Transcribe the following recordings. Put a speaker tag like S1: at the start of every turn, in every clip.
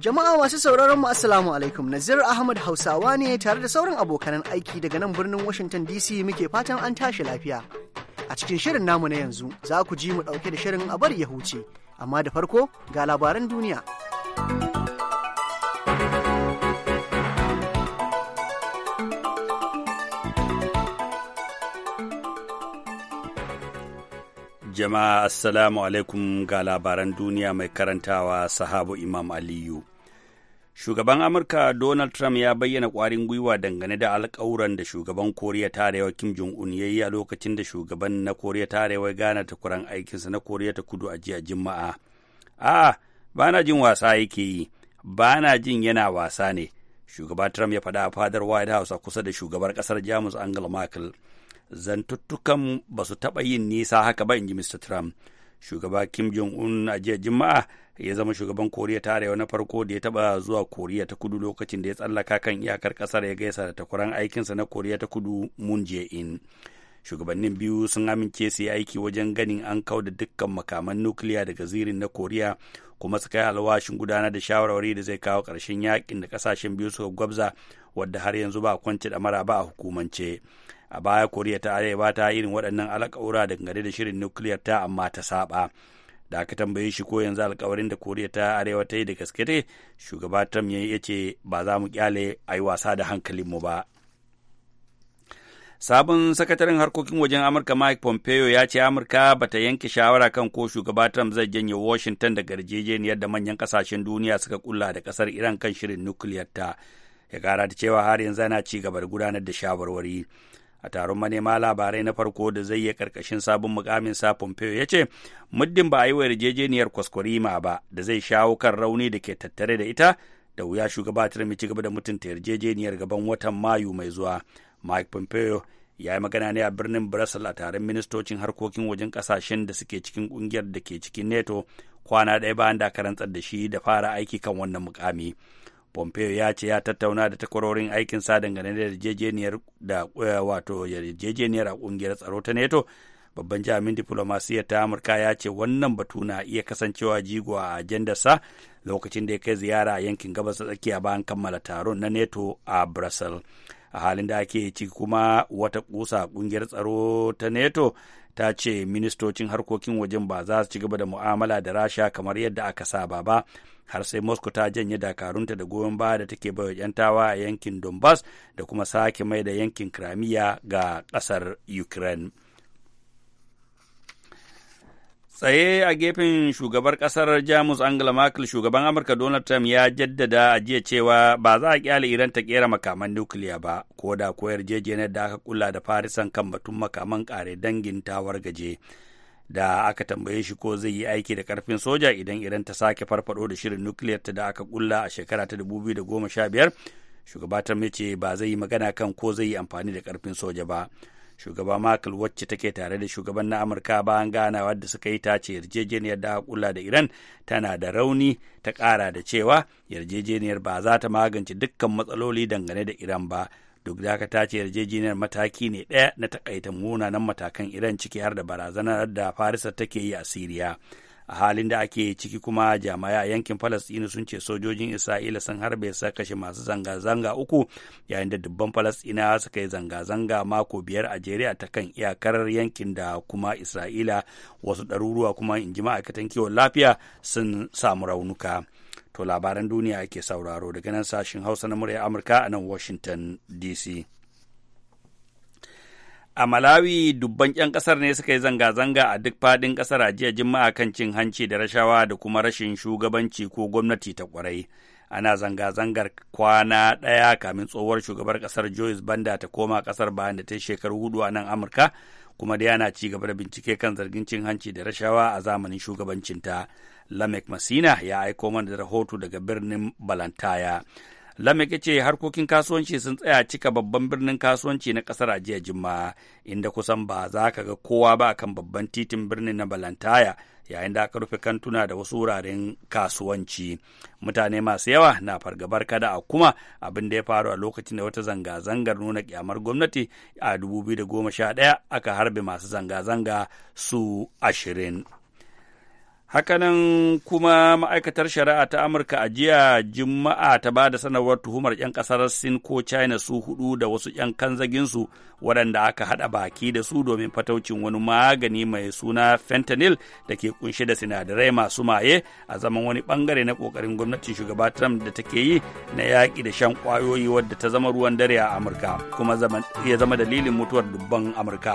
S1: Jama'a masu sauraron mu Assalamu alaikum Nazir Ahmad Hausawa ne tare da sauran abokanan aiki daga nan birnin Washington DC muke fatan an tashi lafiya. A cikin shirin namu na yanzu za ku ji mu ɗauke da shirin a bari ya huce, amma da farko ga labaran duniya.
S2: Jama'a Assalamu alaikum ga labaran duniya mai karantawa sahabu Imam Aliyu. Shugaban Amurka Donald Trump ya bayyana ƙwarin gwiwa dangane da alƙawuran da shugaban Koriya ta Arewa Kim Jong-un ya yi a lokacin da shugaban na Koriya ta Arewa gana ta kuran aikinsa na Koriya ta Kudu a jiya Juma'a. A'a, ba na jin wasa yake yi, ba na jin yana wasa ne. Shugaba Trump ya faɗa a fadar White House a kusa da shugabar ƙasar Jamus Angela Merkel. Zantuttukan ba su taɓa yin nisa haka ba, in ji Mr. Trump. Shugaba Kim Jong-un a jiya Juma'a ya zama shugaban koriya ta arewa na farko da ya taba zuwa koriya ta kudu lokacin da ya tsallaka kan iyakar kasar ya gaisa da takwaran aikinsa na koriya ta kudu moon jae-in shugabannin biyu sun amince su yi aiki wajen ganin an kau da dukkan makaman nukiliya daga zirin na koriya kuma su kai alwashin gudanar da shawarwari da zai kawo ƙarshen yakin da kasashen biyu suka gwabza wadda har yanzu ba kwance da mara ba a hukumance a baya koriya ta arewa ta irin waɗannan alƙawura dangane da shirin nukiliyar ta amma ta saba da aka tambaye shi ko yanzu alkawarin da koriya ta arewa ta yi da gaske ne shugaba trump ya ce ba za mu kyale a wasa da hankalinmu ba sabon sakataren harkokin wajen amurka mike pompeo ya ce amurka ba ta yanke shawara kan ko shugaba trump zai janye washington daga yarjejeniyar da manyan kasashen duniya suka kulla da kasar iran kan shirin nukiliyar ta ya kara da cewa har yanzu ana ci gaba da gudanar da shawarwari a taron manema labarai na farko da zai yi karkashin sabon mukamin sa Pompeo ya ce muddin ba a yi wa yarjejeniyar kwaskwarima ba da zai shawo kan rauni da ke tattare da ita da wuya shugaba mu ci gaba da mutunta yarjejeniyar gaban watan Mayu mai zuwa Mike Pompeo ya yi magana ne a birnin Brussels a taron ministocin harkokin wajen kasashen da suke cikin kungiyar da ke cikin NATO kwana daya bayan da aka rantsar da shi da fara aiki kan wannan mukami. Pompeo ya ce ya tattauna da takwarorin aikin sa dangane da yarjejeniyar da eh, wato yarjejeniyar a kungiyar tsaro ta NATO babban jami'in diplomasiyyar ta Amurka ya ce wannan batu na iya kasancewa jigo a sa lokacin da ya kai ziyara a yankin gabas ta tsakiya bayan kammala taron na NATO a Brussels. a halin da ake ciki kuma wata kusa kungiyar tsaro ta nato ta ce ministocin harkokin wajen ba za su ci gaba da mu'amala da rasha kamar yadda aka saba ba har sai moscow ta janye dakarunta da goyon baya da take baiwa 'yan tawa a yankin donbass da kuma sake mai da yankin Crimea ga ƙasar ukraine tsaye a gefen shugabar kasar jamus angela merkel shugaban amurka donald trump ya jaddada a jiya cewa ba za a kyale iran ta kera makaman nukiliya ba ko da ko yarjejeniyar da aka kula da farisan kan batun makaman kare dangin tawar gaje da aka tambaye shi ko zai yi aiki da karfin soja idan iran ta sake farfado da shirin nukiliyar ta da aka kulla a shekara ta 2015 shugaba ta ce ba zai yi magana kan ko zai yi amfani da karfin soja ba shugaba Merkel wacce take tare da shugaban na Amurka bayan ganawa da suka yi ta ce yarjejeniyar da aka kulla da Iran tana da rauni ta kara da cewa yarjejeniyar ba za ta magance dukkan matsaloli dangane da Iran ba duk da haka ta ce yarjejeniyar mataki ne ɗaya na takaita munanan matakan iran ciki har da barazanar da farisa take yi a siriya a halin da ake ciki kuma jama'a a yankin falastinu sun ce sojojin isra'ila sun harbe su kashe masu zanga-zanga uku yayin da dubban falastinawa suka yi zanga-zanga mako biyar a jere ta kan iyakar yankin da kuma isra'ila wasu ɗaruruwa kuma in ji ma'aikatan kiwon lafiya sun samu raunuka. To labaran duniya ake sauraro daga nan sashen Hausa na murya Amurka a nan Washington DC. A Malawi dubban 'yan ƙasar ne suka yi zanga-zanga a duk faɗin ƙasar a jiya Juma'a kan cin hanci da rashawa da kuma rashin shugabanci ko gwamnati ta kwarai Ana zanga-zangar kwana ɗaya kamin tsohuwar shugabar ƙasar Joyce Banda ta koma ƙasar bayan da ta yi shekaru hudu a nan Amurka kuma da yana ci gaba da bincike kan zargin cin hanci da rashawa a zamanin shugabancinta. Lamek Masina ya aiko mana da rahoto daga birnin Balantaya. Lamek ya ce harkokin kasuwanci sun tsaya cika babban birnin kasuwanci na kasar jiya inda kusan ba za ka ga kowa ba kan babban titin birnin na Balantaya yayin da aka rufe kantuna da wasu wuraren kasuwanci. Mutane masu yawa na fargabar kada a kuma abin da ya faru a lokacin da wata zanga-zangar nuna kyamar gwamnati a 2011 aka harbe masu zanga-zanga su ashirin. Hakanan kuma ma'aikatar shari'a ta Amurka a jiya Juma'a ta ba da sanarwar tuhumar 'yan ƙasar Sin ko China su hudu da wasu 'yan kanzaginsu waɗanda aka haɗa baki da su domin fataucin wani magani mai suna fentanyl da ke kunshe da sinadarai masu maye a zaman wani bangare na kokarin gwamnatin shugaba Trump da take yi na yaƙi da shan ƙwayoyi wadda ta zama ruwan dare a Amurka kuma ya zama dalilin mutuwar dubban Amurka.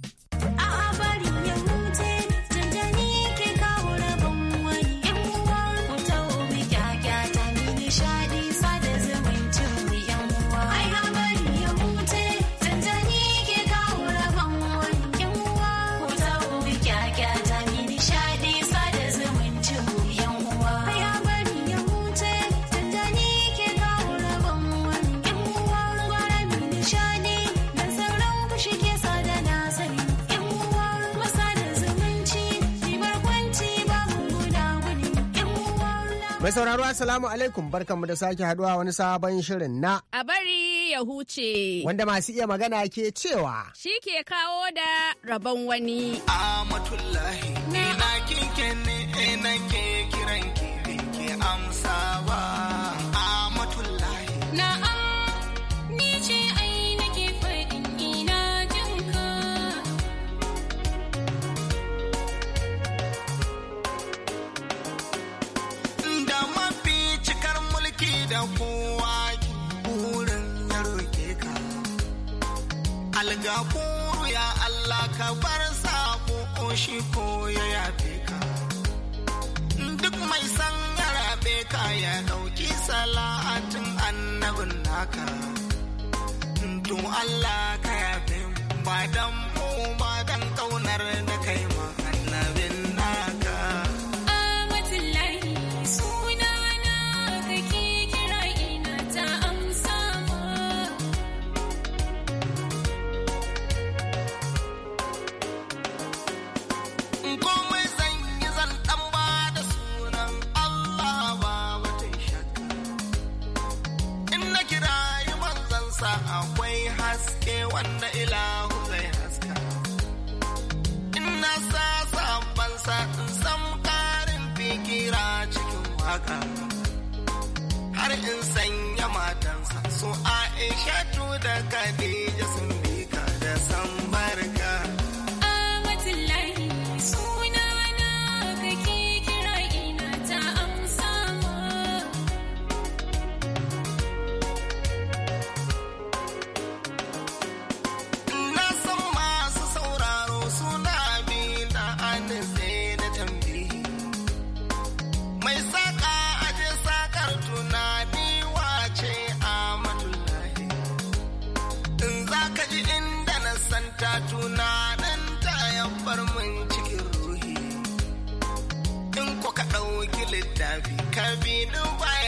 S3: Mai sauraro Assalamu alaikum barkanmu da sake haduwa wani sabon shirin na.
S4: A bari ya huce. Wanda
S3: masu iya magana ke cewa.
S4: Shi ke kawo da rabon wani. Amatullahi ni na
S5: kinke ne eh, na ke kiran ki amsawa. Amatullahi na kowa ki burin ya roke ka algakuru ya Allah ka bar sako ko shi ko ya yafe ka duk mai san rabe ka ya dauki salatin annabin naka to Allah ka yafe ba dan mu ba dan kauna haka har in sanya matansa su aisha da kadija sun bi ka da sambar Kabinu ba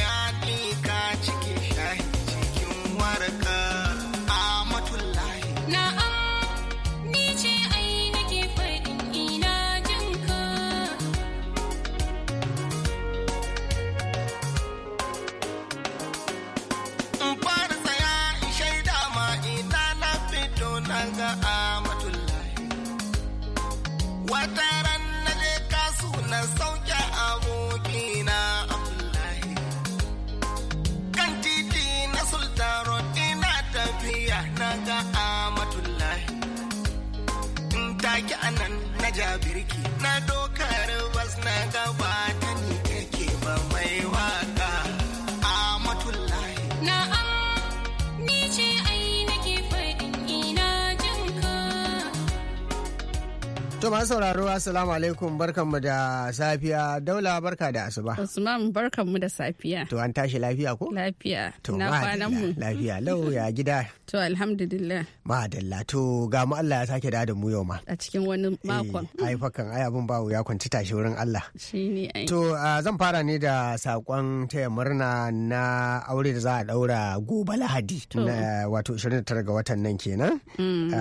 S3: Masu sauraro Assalamu alaikum barkanmu da safiya daula barka da asuba. Usman barkanmu da safiya. To an tashi lafiya ko? Lafiya. To na Lafiya lau ya gida. To alhamdulillah. Madalla to ga mu Allah ya sake da mu yau ma.
S4: A cikin wani eh, makon.
S3: Hmm. Ai fakan ai abin bawo ya kwanci tashi wurin Allah. Shi ne ai. To zan fara ne da sakon taya murna na aure da za a daura gobe Lahadi. Wato 29 ga watan nan kenan. Hmm.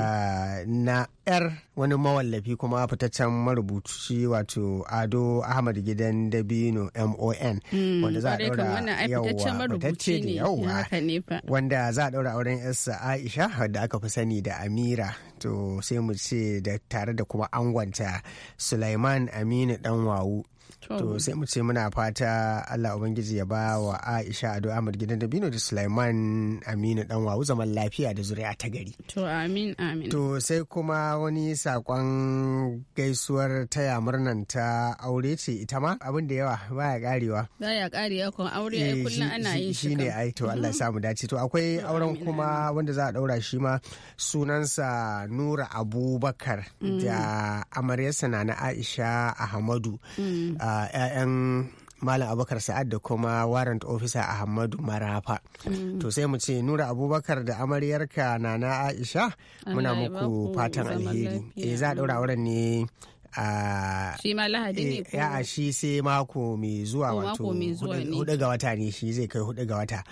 S3: Na yar wani mawallafi kuma fitaccen marubuci wato Ado Ahmad Gidan Dabino MON. Hmm. Wanda za a daura yau. ne Wanda za a daura auren aisha wadda aka fi sani da amira to sai mu ce da tare da kuma angonta sulaiman aminu dan wawu To sai mu ce muna fata Allah Ubangiji ya ba wa Aisha Ado Ahmad gidan Dabino da Sulaiman Aminu dan wawu zaman lafiya da zuri'a ta gari.
S4: To amin amin.
S3: To sai kuma wani sakon gaisuwar taya murnan ta aure ce ita ma abin da yawa baya karewa.
S4: Baya karewa kun aure ai eh, kullum ana yin shi. Shine ai
S3: to Allah ya samu dace. To akwai auren kuma wanda za a daura shi ma sunansa Nura Abubakar mm. da amaryarsa na na Aisha Ahmadu. Mm. Ah, 'ya'yan malam abubakar sa'ad da kuma warrant officer ahmadu marafa
S4: mm. to sai
S3: mu ce nura abubakar da amaryarka nana aisha muna muku fatan alheri eh za a daura auren ne a shi ma
S4: lahadi ne eh,
S3: a shi sai mako mai zuwa wato hudu ga wata ne shi zai kai hudu ga wata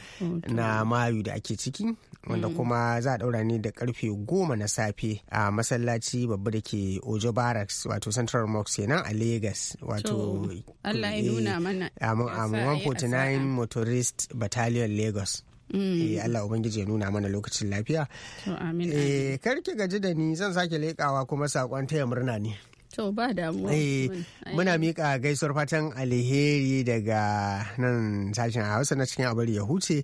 S3: na mayu da ake ciki wanda mm. kuma za a daura ne da karfe goma na safe a masallaci babba da ke ojo barracks wato central mosque kenan a lagos wato Allah ya eh, nuna mana 149 motorist battalion lagos
S1: Mm. Eh, Allah
S3: Ubangiji ya nuna mana lokacin lafiya. To amin. Eh, karki gaji da ni zan sake leƙawa kuma saƙon taya murna ne.
S4: To ba damuwa. Eh, muna mika
S3: gaisuwar fatan alheri daga nan sashen Hausa na cikin abar ya huce.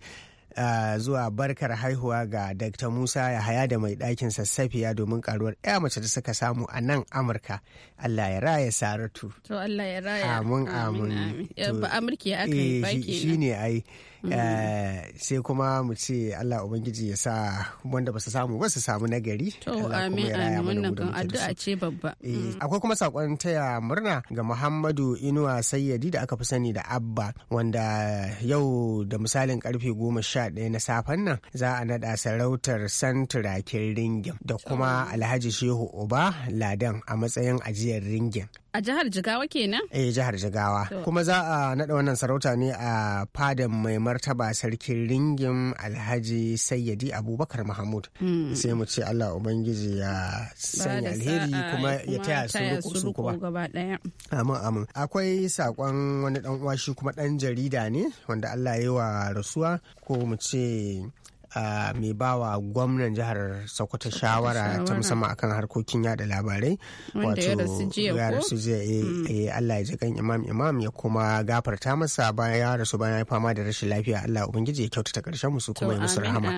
S3: Ah, zuwa barkar haihuwa ga Dr. Musa ya haya da mai ɗakin sassafiya domin karuwar 'ya mace da suka samu a nan Amurka. Allah ya raya Saratu.
S4: To Allah ya raya. Amin amin. Eh, ba Amurki ya aka yi eh, Shi
S3: ne ai. Eh, sai kuma mu ce Allah ubangiji ya sa wanda ba su samu ba su samu nagari to amin amin wannan kan addu'a
S4: ce babba eh, mm.
S3: akwai kuma sakon taya murna ga Muhammadu Inuwa Sayyadi da aka fi sani da Abba wanda yau da misalin karfe goma sha ɗaya na safen nan za a naɗa sarautar santirakin ringin da kuma Alhaji Shehu Uba Ladan a matsayin ajiyar ringin
S4: A jihar Jigawa kenan?
S3: Eh jihar Jigawa. Kuma za a naɗa wannan sarauta ne a fadan mai martaba sarkin ringin Alhaji Sayyadi Abubakar Mahmud. Hmm. Sai mu ce Allah Ubangiji ya sanya alheri kuma ya taya su kuma. Amin amin. Akwai saƙon wani ɗan uwa shi kuma ɗan jarida ne wanda Allah ya yi wa rasuwa ko mu ce mai bawa gwamnan jihar sokoto shawara ta musamman akan harkokin yada labarai wato ya rasu jiya eh, hmm. eh, allah ya ji kan imam imam ya kuma gafarta masa bayan ya rasu bayan ya fama da rashin lafiya allah ubangiji ya kyautata karshen musu kuma ya musu rahama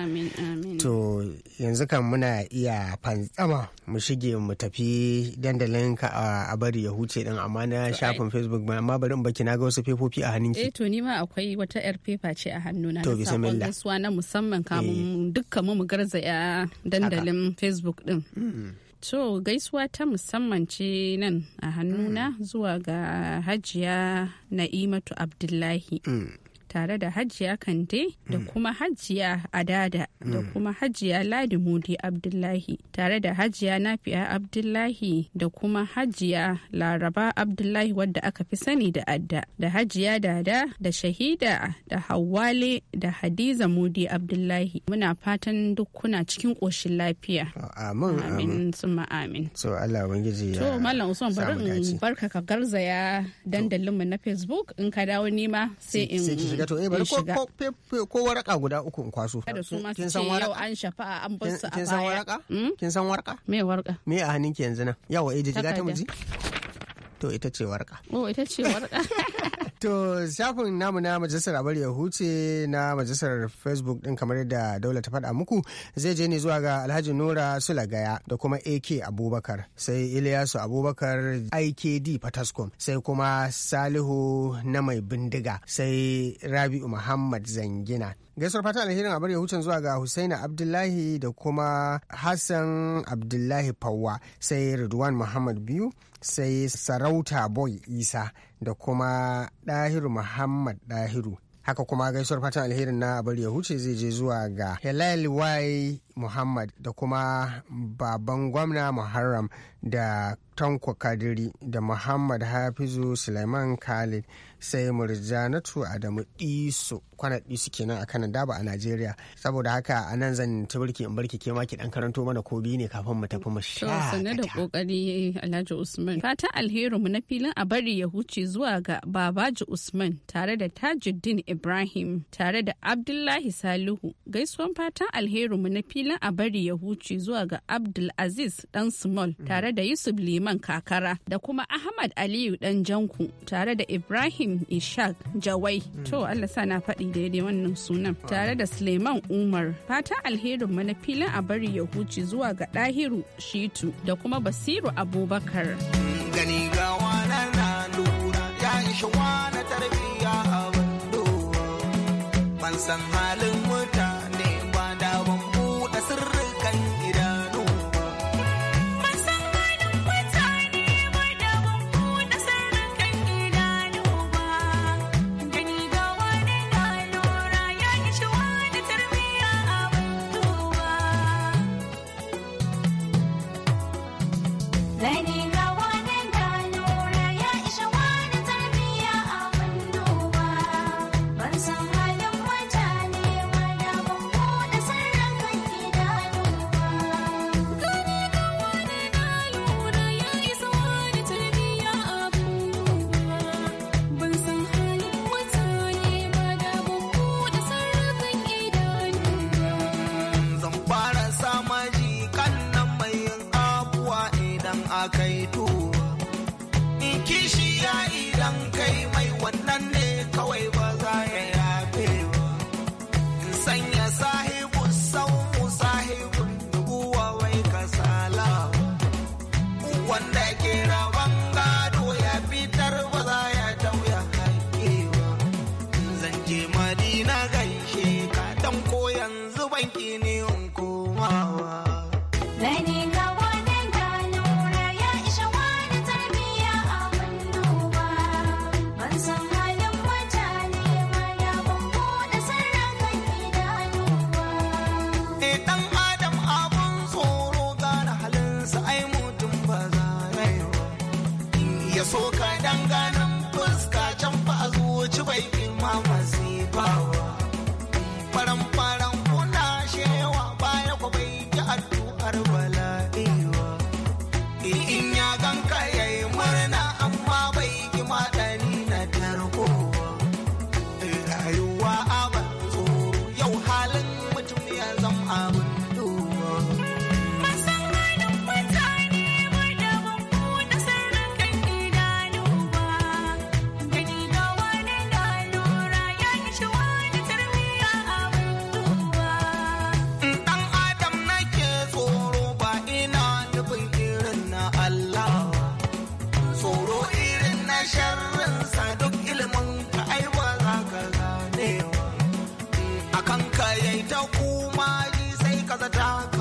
S3: to yanzu kan muna iya fantsama mu shige mu tafi dandalin ka a bari ya huce din amma na shafin facebook ba amma bari in baki na ga wasu fefofi a hannunki eh
S4: to ni ma akwai wata yar fefa ce a hannuna to bismillah na musamman dukkan mu garzaya dandalin facebook din hmm. to gaisuwa ta musamman ce nan a hannuna hmm. zuwa ga hajiya na'imatu abdullahi hmm. tare da hajiya kande da hmm. kuma hajiya adada da hmm. kuma hajiya ladi mudi abdullahi tare da hajiya nafi'a abdullahi da kuma hajiya laraba abdullahi wadda aka fi sani da adda da hajiya dada da shahida da hawale da hadiza mudi abdullahi muna fatan duk kuna cikin ƙoshin lafiya amin amin amin so allah ubangiji ya to mallam usman bari in barka ka garzaya dandalinmu na facebook in ka dawo nima sai in shiga to eh bari ko ko waraka
S3: guda uku in kwaso kin san waraka
S4: an shafa an bar su a baya
S3: kin san waraka me waraka me a hannunki yanzu nan yawa eh jiga ta muji to ita ce warka.
S4: Oh, ita ce warka.
S3: To shafin namu na majalisar abar ya huce na majalisar Facebook din kamar yadda daula ta faɗa muku zai je ne zuwa ga Alhaji Nura Sulagaya da kuma AK Abubakar sai iliyasu Abubakar IKD Fataskom sai kuma Salihu na mai bindiga sai Rabi'u Muhammad Zangina gaisuwar fatan alherin a bari hucin zuwa ga husaina abdullahi da kuma hassan abdullahi fawwa sai ridwan muhammad biyu sai sarauta boy isa da kuma dahiru muhammad dahiru haka kuma gaisuwar fatan alherin na bari ya huce zai je zuwa ga helal y muhammad da kuma baban gwamna muharram da tanko kadiri da muhammad hafizu suleiman khalid sai murjanatu adamu iso kwanaɗi suke nan a kanan daba a Najeriya saboda haka a nan zan tabarki in barki ke maki dan karanto mana ko biyu ne kafin mu tafi mu sha.
S4: Sanar da kokari Alhaji Usman. Fata alheri mu na filin a bari ya huce zuwa ga Babaji Usman tare da Tajuddin Ibrahim tare da Abdullahi Salihu. Gaisuwan fatan alheri mu na filin a bari ya huce zuwa ga Abdul Aziz dan Small mm. tare da Yusuf Liman Kakara da kuma Ahmad Aliyu dan Janku tare da Ibrahim Ishaq Jawai. Mm. To Allah sa na faɗi yi daidai wannan sunan tare da Suleiman Umar. Fata alherin mana filin a bari ya huce zuwa ga ɗahiru Shitu da kuma Basiru Abubakar.
S5: Gani ga na lura ya wani tarbiya a ban So. yayi ta kuma sai ka zata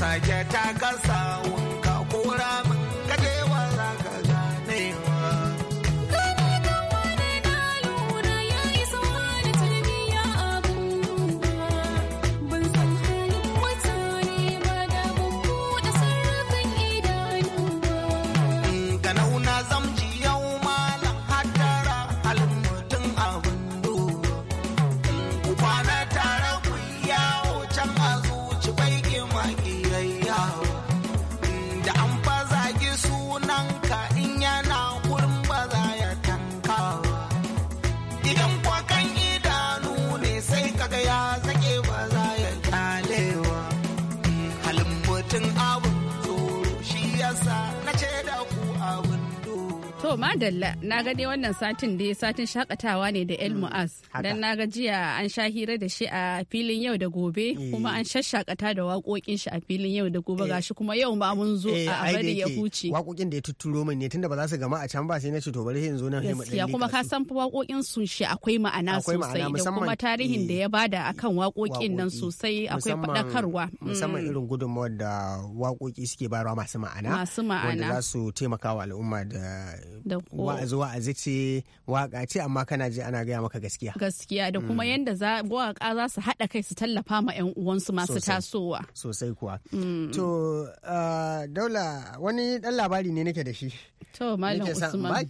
S5: Sajeta Gasawa.
S4: To dalla na ga dai wannan satin dai satin shakatawa ne da El mm, Mu'az. Dan na ga jiya an sha hira da shi a filin yau da gobe eh. kuma an shashakata da waƙoƙin shi a filin yau da gobe eh. gashi kuma yau ma mun zo eh, a bari ya
S3: huce. Waƙoƙin da ya tutturo min ne tunda ba za su gama a can ba sai na ce to bari in zo nan sai mu ya kuma
S4: ka san waƙoƙin su shi akwai ma'ana sosai da kuma tarihin da ya bada akan waƙoƙin nan sosai akwai faɗakarwa. Mm. Musamman irin
S3: gudunmawar da waƙoƙi suke bayarwa masu ma'ana. Masu ma'ana. Wanda za su taimaka wa al'umma da
S4: wa'azi
S3: wa'azi ce waka ce amma kana ji ana gaya maka gaskiya
S4: gaskiya da kuma mm. yanda za waka za su haɗa kai su tallafa ma yan uwansu masu tasowa
S3: sosai kuwa
S4: mm. to uh, daula wani
S3: dan labari ne nake da shi
S4: to malam usman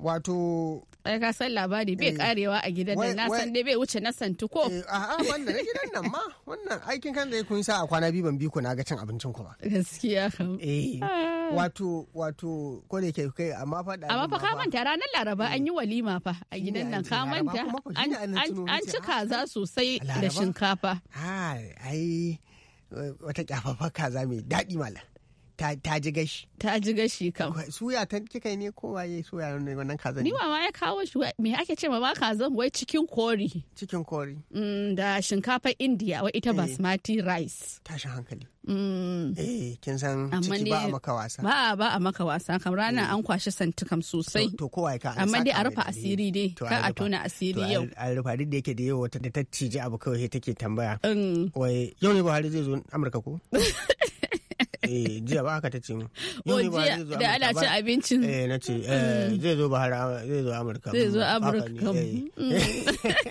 S3: wato
S4: ka san labari bai eh. karewa a gidan nan na san dai bai wuce na santuko eh, a'a wannan
S3: na gidan nan ma wannan aikin kan zai kun sa a kwana biyu ban bi ku na ga cin abincin ku ba. gaskiya eh ah. wato wato ko da ke kai amma fa da amma
S4: fa ka manta ranar Laraba an yi eh. walima fa a gidan nan ka manta an ci ah, kaza sosai da shinkafa
S3: ai wata kyafafa kaza mai daɗi malam ta ji gashi ta ji gashi kam suya ta kika ne ko waye suya ne wannan kazan ni
S4: mama ya kawo shi me ake ce ma kazan wai cikin kori cikin kori mm, da shinkafar indiya wai ita eh. basmati rice
S3: tashin hankali
S4: mm. eh
S3: kin san ciki ba a maka wasa
S4: ba ba a maka wasa kam ranar eh. an kwashi santukam sosai to kowa ka amma dai a rufa asiri dai ka a tona asiri yau
S3: a rufa duk da yake da yau wata da ta cije abu kawai take tambaya mm. wai yau ne Buhari zai zo Amurka ko Eh, jiya ba aka ta ce mu oh, jiya da ana cin
S4: abincin eh
S3: na ce eh, mm. zai zo zai zo amurka zai zo amurka eh. mm.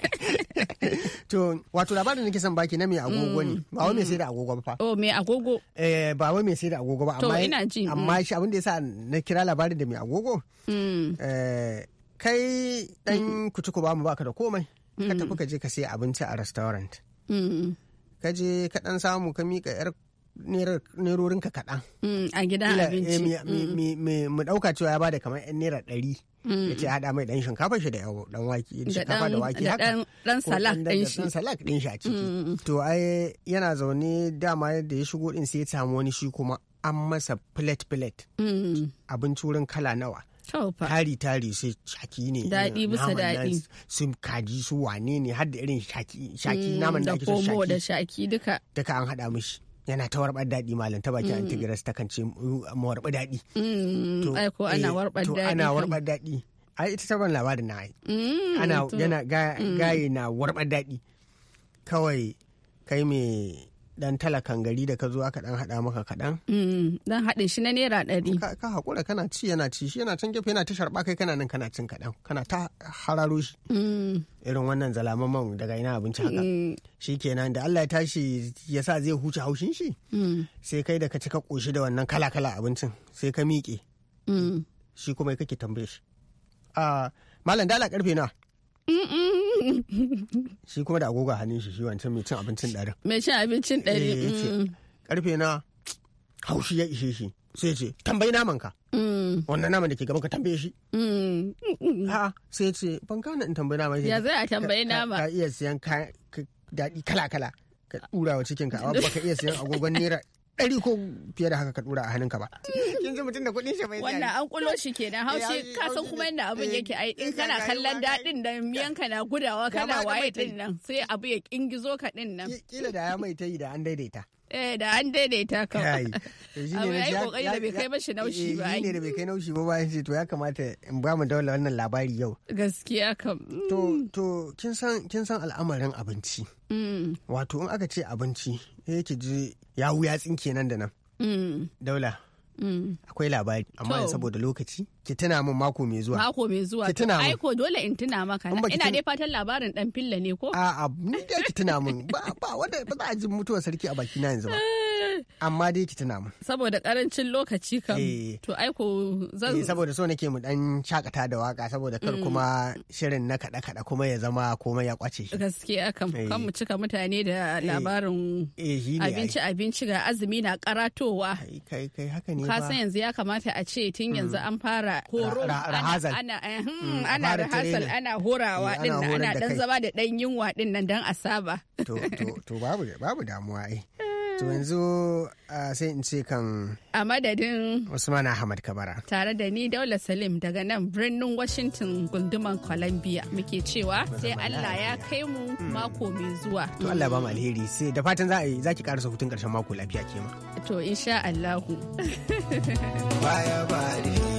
S3: to wato labarin da kisan son baki na mai agogo ne mm. ba wai mai sai da agogo ba fa oh mai agogo eh ba wai mai sai da agogo ba amma ina ji amma shi abin da yasa na kira labarin da mai agogo eh kai dan kutuku ba mu baka da komai ka tafi ka je ka sai abinci a restaurant ka je ka dan samu ka mika yar nerorinka kaɗan.
S4: Mm, a gidan
S3: eh, abinci. Mm. Mu ɗauka cewa ya ba da kamar 'yan naira ɗari. Mm. Ya ce haɗa mai ɗan shinkafa shi da ɗan wake. Shinkafa da wake haka. Ɗan salak ɗin shi. Ɗan salak ɗin shi a ciki. To ai yana zaune dama da ya shigo ɗin sai ya samu wani shi kuma an masa plate plate. Abinci wurin kala nawa. tari tari sai shaki ne daɗi bisa daɗi sun kaji su wane ne har da irin shaki naman da ake shaki da komo da
S4: shaki duka
S3: duka an haɗa mishi yana ta warɓar daɗi malam ta baki mm. antigras ta kance mawarɓi mm, daɗi. Mm, to ana eh, warɓar daɗi. To ana warɓar daɗi. Ai ita ta ban labarin na ai.
S4: Ana yana gaye
S3: na warɓar daɗi. Kawai kai mai dan talakan gari da ka zo aka dan hada maka kadan
S4: dan mm, haɗin shi na naira ɗari. ka haƙura
S3: kana ci yana ci shi yana can gefe yana ta sharɓa kai kana nan kana cin kaɗan kana ta hararo shi. Mm. irin wannan zalaman man daga ina abinci haka. Mm. shi kenan da Allah ya tashi ya sa zai huce haushin shi. sai kai da ka cika ƙoshi da wannan kala-kala abincin sai ka miƙe. shi kuma kake tambaye shi. Ah, malam dala karfe na. shi kuma da agogo hannun shi shi wancan mai cin abincin ɗari
S4: mai cin abincin ɗari
S3: karfe eh, mm. na haushi ya ishe shi sai ce tambayi naman ka mm. wannan naman da ke gaban ka tambaye shi
S4: ha mm. sai
S3: ce ban gane in tambayi naman ya zai a tambayi nama ka iya siyan daɗi kala kala ka ɗura wa cikin ka ba ka iya siyan agogon naira ɗari ko fiye da haka ka dura a hannunka ba.
S4: Kin ji mutum da kuɗin shi bai Wannan an kulo shi kenan eh, haushi ka san kuma yadda abin eh, yake ai in kana kallon daɗin da miyanka na gudawa kana waye din nan sai abu ya kingizo ka din nan. Kila
S3: da ya mai tayi da an daidaita. eh da an daidaita ka abu ya yi kokari da bai kai mashi naushi eh, ba shi ne da bai kai naushi ba bayan to ya kamata in ba mu daula wannan labari yau
S4: gaskiya kam
S3: to mm. to kin san kin san al'amarin abinci mm. wato in aka ce abinci eh ki ji ya wuya tsinke nan da nan mm. daula akwai labari amma saboda lokaci ki tuna min mako mai zuwa
S4: mako mai zuwa ki tuna min aiko dole in tuna maka ina dai fatan labarin dan filla ne ko a
S3: a ni dai ki tuna min ba ba wanda ba za a ji mutuwar sarki a baki na yanzu ba amma dai ki tuna min
S4: saboda karancin lokaci kam eh. to aiko zan eh, saboda
S3: so nake mu dan shakata da waka saboda kar mm. kuma shirin na kada kada kuma ya zama komai ya kwace shi
S4: gaskiya kam eh. kan mu cika mutane da labarin abinci abinci ga azumi na karatowa
S3: kai kai haka ne ba ka san yanzu
S4: ya kamata a ce tun mm. yanzu an fara horo ana rahasal eh, hmm, mm, ana horawa mm, din ana dan zama da dan yunwa din nan dan asaba
S3: to to babu babu damuwa eh To yanzu sai in ce kan
S4: a madadin
S3: Usman Ahmad Kabara.
S4: Tare da ni Daula Salim daga nan birnin Washington gunduman Columbia muke cewa sai Allah ya kai mu mm. mako mai zuwa. To Allah ba
S3: mu alheri sai da fatan za a yi za ki karasa hutun karshen mako lafiya ke ma.
S4: To insha Allahu.
S3: Baya bari.